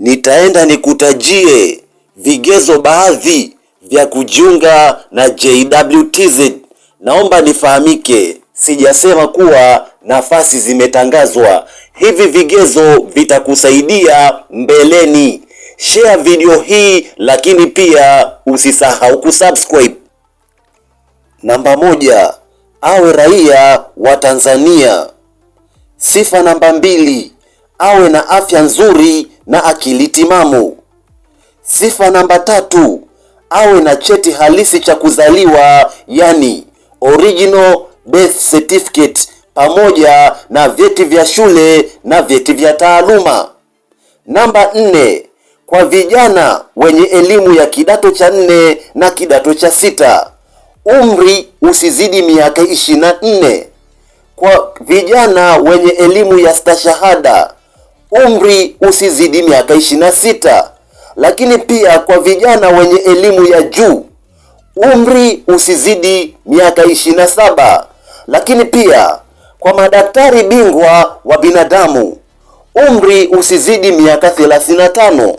nitaenda nikutajie vigezo baadhi vya kujiunga na JWTZ. Naomba nifahamike, sijasema kuwa nafasi zimetangazwa. Hivi vigezo vitakusaidia mbeleni. Share video hii, lakini pia usisahau kusubscribe. Namba moja, awe raia wa Tanzania. Sifa namba mbili, awe na afya nzuri na akili timamu. Sifa namba tatu, awe na cheti halisi cha kuzaliwa yani original birth certificate pamoja na vyeti vya shule na vyeti vya taaluma. Namba nne, kwa vijana wenye elimu ya kidato cha nne na kidato cha sita, umri usizidi miaka 24. Kwa vijana wenye elimu ya stashahada umri usizidi miaka ishirini na sita, lakini pia kwa vijana wenye elimu ya juu umri usizidi miaka ishirini na saba, lakini pia kwa madaktari bingwa wa binadamu umri usizidi miaka thelathini na tano.